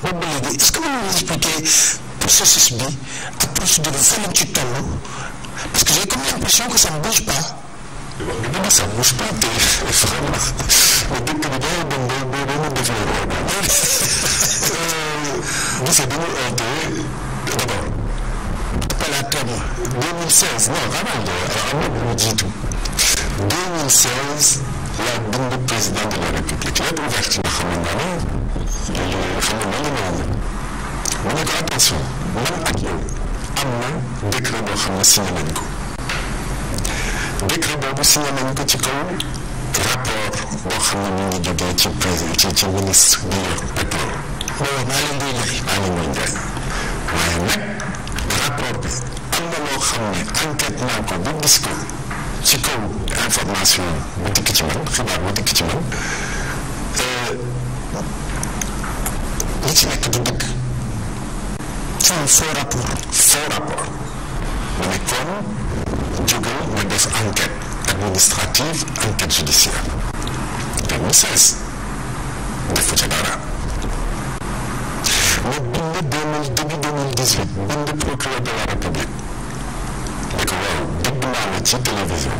boobu léegi est-ce que mën nga expliquer processus bi ak procédure bi fan lañ ci toll parce que j'ai comme l'impression que ça ne bouge pas. wax nga dëgg bouge pas te vraiment dëkk bi daal dem ba ba ba mu développé woon. gis nga non vraiment alors am na lu jiitu 2016. la bindu président de la république lettre ouverte la xamoon naa mu ne ko attention man ak yow am na décret boo xam ne signé ko décret boobu signé ko ci kaw rapport boo xam ne mu ngi jógee ci président ci ci ministre bi yor pétrole waaw maa leen di jaay maa leen waaye nag rapport bi am na loo xam ne enquête naa ko ba gis ko ci kaw information bu dikk ci man xibaar bu ci man du dëgg fii faux rapport rapport mu ne kon jógal nga def enquête administrative enquête judiciaire 2016 defu ca dara mais bind 2000 début procureur de la république que waaw dégg naa la ci télévision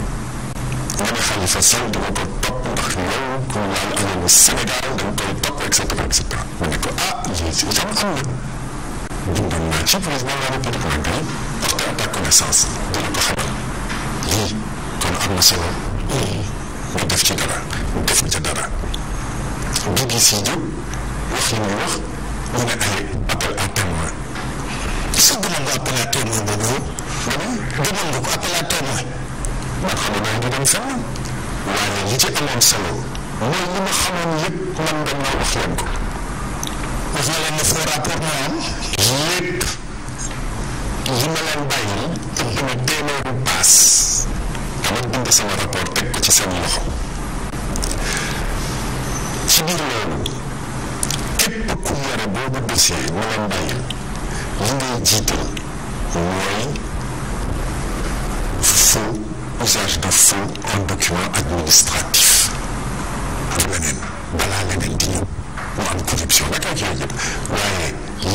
nga ne Khalifa Sall di ko topp ndax yow ku ñu laal alalu Sénégal da nga koy topp mu ne ko ah lii ci itam am na dundoon naa ci président de ta connaissance dina ko xamal lii kon am na nga def ci dara def ci dara BBC jóg wax li muy wax ñu ne ay appel à témoin. sëgg na nga appel à témoin boobu ma ne demoon ko appelé man xam naa ngi dem fenn waaye li ci amoon solo mooy li ma xamoon yëpp man dem naa wax leen ko wax na leen ne foo rapport moo am yëpp li ma leen bàyyi ëpp na téeméeru paas dama bind sama rapport teg ko ci seen loxo ci biir loolu képp ku yore boobu dossier ma leen bàyyi li ngay jiital mooy faux usage de faux en document administratif ak leneen balaa leneen di ñëw mu am corruption nag ak yooyu yëpp waaye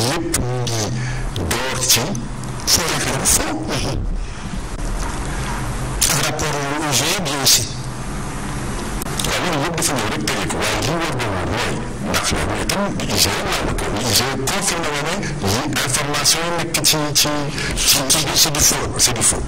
yëpp mu ngi door ci faux rapport faux rapport UG bi aussi waaye loolu yëpp dafa ñëw rek tëye ko waaye li war na woon mooy ndax loolu itam UG wàllu ko UG confirmé na ne information nekk ci ci ci ci c'est du faux c'est du faux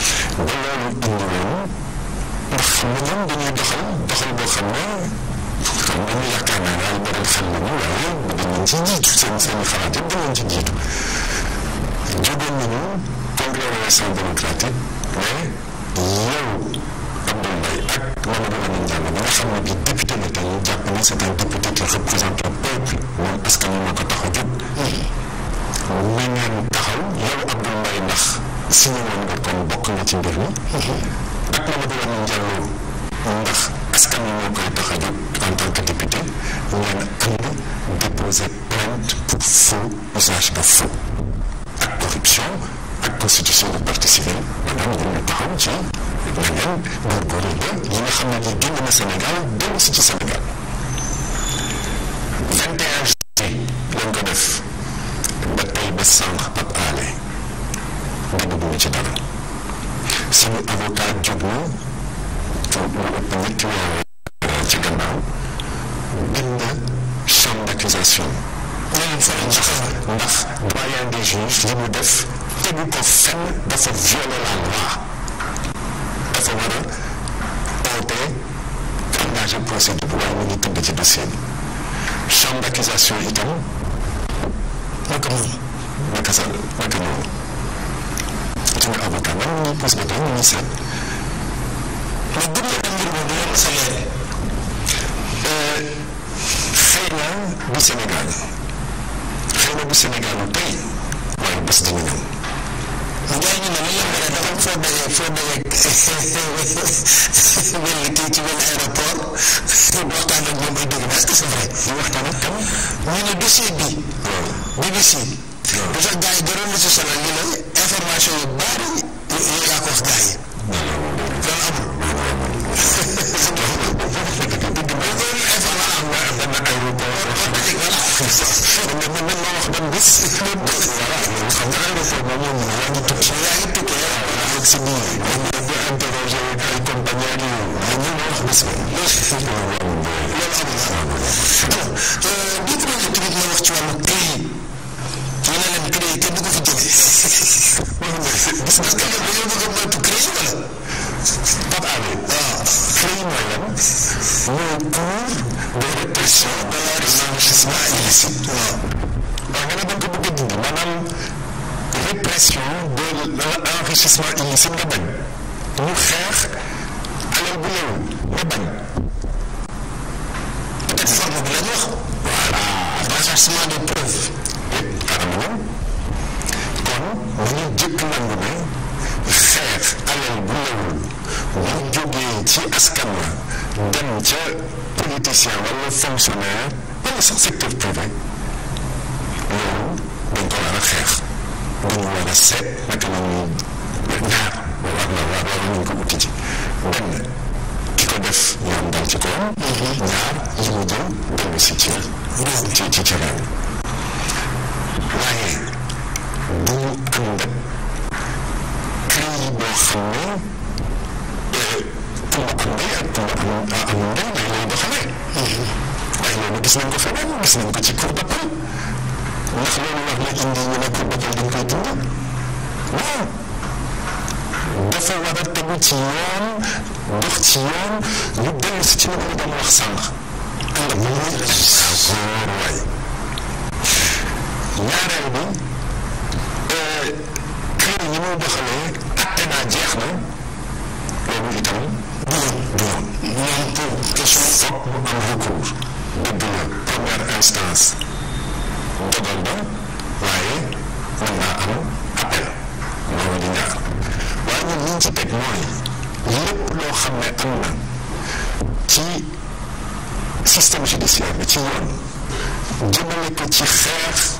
loolu indi leen ndax doxal doxal boo xam ne dañu yaakaar naa daal borom xel nañu waaye dinañ ci jiitu seen seen xalaat yëpp dinañ ci jiitu jógoon nañu conglomération démocratique mais yow Abdoul Mbaye ak Mamadou Lamine Diallo xam ne bi député la tey ñu jàpp ne c'est un peuple moom askan wi moo ko taxaw jóg. na ngeen taxaw yow Abdoul Mbaye signé nga kon bokk nga ci mbir mi. ak Mamadou Lamine Diallo ndax askan wi moo koy tax a jóg en tant déposé plainte faux usage de faux ak corruption ak constitution de parti civil maanaam ñun ñu taxaw ci leneen góorgóorlu ba yi nga xam ne nii génn na Sénégal dellu si ci Sénégal. 21 juillet lañ ko man bëgguma ci dara sama avocat jóg na te ñetti weer ci gannaaw d'accusation li mu def tegu ko fenn dafa violer la loi dafa war a porter engagé procédure waaye mu ngi tëdd ci dossier bi d'accusation itam naka moom naka sa naka fu mu avocat lool mos nga doon mos a. mais gëm naa ne mbir boobu yoon sa leer xëy na bu Sénégal xëy na bu Sénégal tey waaye bés dina ñëw. njaay ñu ne la yem rek dafa foo dajee foo dajee wàllu kii ci wàllu aéroport waxtaan ak ñoom ay dégg est-ce que c'est vrai ñu waxtaan ak tam ñu ne dossier bi BBC bu sax gars yi doon na si sonal ñu ne information yu bari yow yaa ko wax gars yi. loolu amul. voilà euh, gis nga kenn dañoo bëgg a moytu crée wala. Pape Alé. waaw crée mooy lan. mooy pour de répression de l'enrichissement illicite. waaw. waaw nga ne da nga ko bëgg a dindi maanaam répression de l'enrichissement illicite nga bañ. ñu xeex alal bu lew nga bañ. peut-être forme bi la ñu wax. voilà renforcement des preuves. kon dañu jëkk nangu ne xeex alal bu newul bu jógee ci askan la ca politicien wala fonctionnaire wala secteur privé loolu dañ ko war a xeex dañu war a seet naka la ñuy ñaar war na war war nañ ko uti ci benn ki ko def ñoom dal ci kawam ñaar li mu jël dellu si ci ci ci waaye dañu am pays boo xam ne pour andi ak pour am amoon dañoo doxalee. waaye gis nañ gis nañ ko ci la indi ne cour d'appel dañ koy dindi waaw dafa war a tegu ci yoon dox ci yoon ñu dellu si bi. ñu doxalee atte naa jeex na loolu itam du yoon du yoon ñoom pour question foog mu am recours dëgg la première instance dogal ba waaye mën naa am appel loolu di ñaar waaye ñun liñ ci teg mooy lépp loo xam ne am na ci système judiciaire bi ci yoon jëmale ci xeex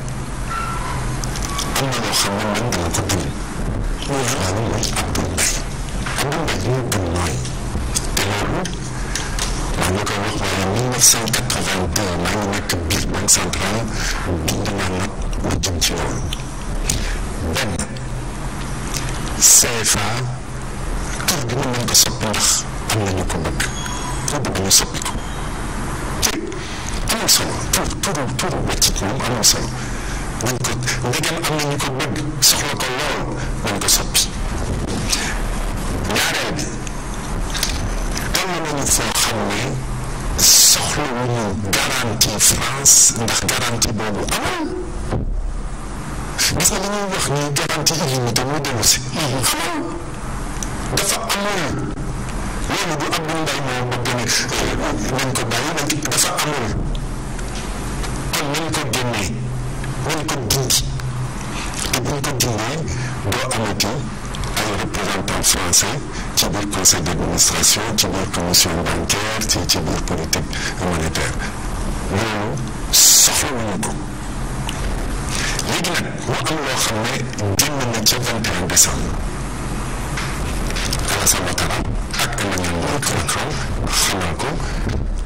am na loo xam ne man dama ko tudd. loolu daal moom mooy ab mbay. xam nga mbay moo gën nooy. te loolu biir banque centrale bind naa nag lu jëm ci loolu. benn CFA tur bi mën nañ ko soppi ndax am nañu ko bëgg ko bëgg ñu soppi tur tur tur wàcc moom amul solo. nañ ko ndegem am na soxla ko lool nañ ko soppi ñaareel bi toll nañu foo xam ne soxla wu ñu France ndax garantie boobu amul gis nga li wax ni garantie illimité mu dellu si amul amul loolu du Abdou Mbaye moo bëgg ne nañ dafa amul kon nañ ko génnee buñ ko dindi te buñ ko ay représentants français ci biir conseil d'administration ci biir commission bancaire ci ci biir politique monétaire loolu soxlawuñu ko léegi nag mu am loo xam ne génn na ca 21 décembre Alassane Ouattara ak Emmanuel Macron xamal ko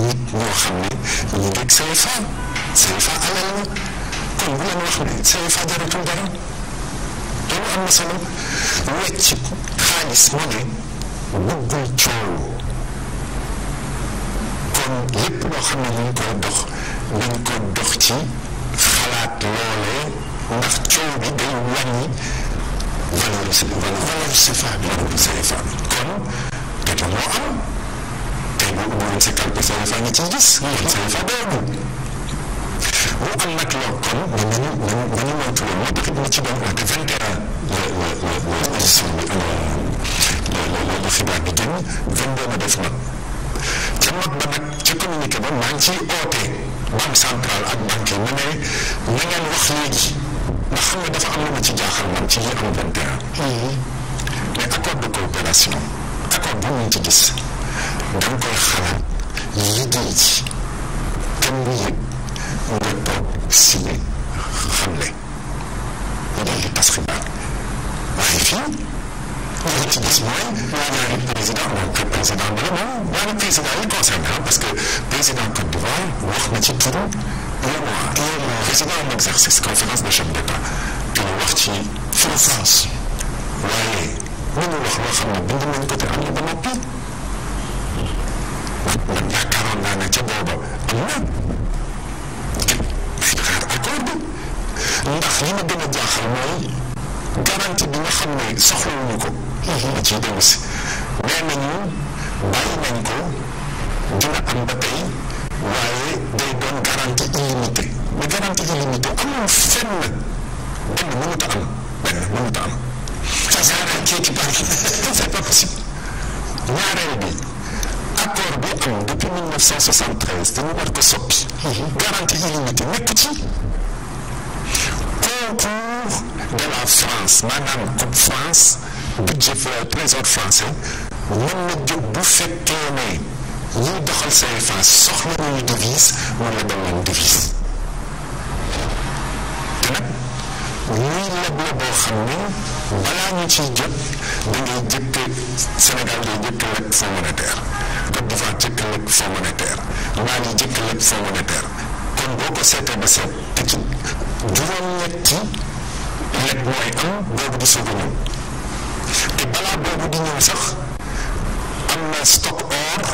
nit ñoo xam ne ñu dégg CFA CFA alal la kon bu leen wax ne CFA jaratul dara loolu am na solo wecc xaalis mu ne bëggul coow kon lépp loo xam ne ñu ngi koy dox dañ ko dox ci xalaat loolee ndax coow bi day wàññi valeur valeur CFA bi valeur CFA bi kon te moo am boo ubbiwoon sa carte sa yëfa nga ciy gis. ci doon wax que vingt et ba nag ca communiqué ba maa ngi ciy ne accord de coopération accord bu ñu ci gis. 我们会和一地起，跟日日本市民 xam ne ñu daal di tas xibaar waaye fii li ci gis mooy ñaari président moom président bi la moom ñaari président yi concerné parce que président Côte d'Ivoire wax na ci turu UEMOA président en exercice conférence des chefs d'État te ñu wax ci France waaye ñu wax loo xam ne bind nañ ko te am yaakaaroon naa ne ca booba am na xaar accord bi ndax li ma gën a jaaxal mooy garantie bi nga xam ne soxlawuñu ko. da ciy dem si nee nañu bàyyi nañ ko dina am ba tey waaye day doon garantie illimitée mais garantie illimitée amul fenn benn mënut a am benn mënut a am. ñaareel kii ci bari c'est pas possible ñaareel bi. accord bi am depuis 1973 dañu war soppi. Mhm. garantie nekk ci concours de la France maanaam comme France budget fo trésor français mën na jóg bu fekkee ne ñuy doxal seen France soxla nañu devise mën la dem leen devise te nag ñuy leb la boo xam ne balaa ñu ciy jot da jëkk Sénégal day jëkk leb fonds monétaire dafa jëkk lekk fonds monétaire laa di jëkk lekk fonds monétaire kon boo ko seetee ba seet te ci juróom-ñetti lekk mooy am boobu di soog a ñëw te balaa boobu di ñëw sax am na stock or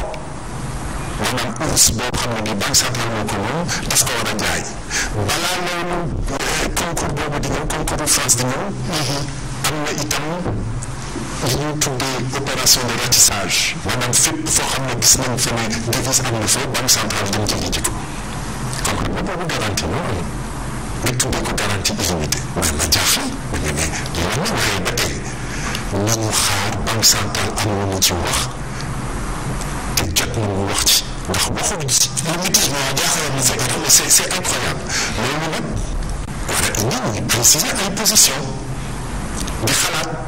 maanaam ours boo xam ne ni banque centrale moo ko moom daf ko war a jaay balaa loolu concours boobu di ñëw concours France di ñëw am na itam ñu tuddee opération de ratissage maanaam fépp foo xam ne gis nañ fa ne devise am na fa banque centrale dem jëli ji ko donc boobu garantie moo am nga ko garantie illimitée mais ma jaaxle ba tey nañu xaar banque centrale am na mu ci wax te jot na mu wax ci ndax waxuñu ci limité waaw jaaxaloon na c' est c' est incroyable loolu nag war a ñëw ñu préciser ay position di xalaat.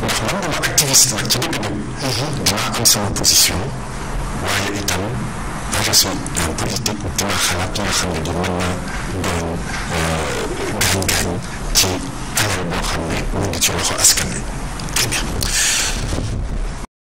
war a activiste nag ci dëkk bi. dinaa am sama position waaye itam réseau en politique dinaa xalaat nga xam ne di mën naa doon gaañ-gaañ ci alal boo xam ne mu ngi ci loxo askan wi.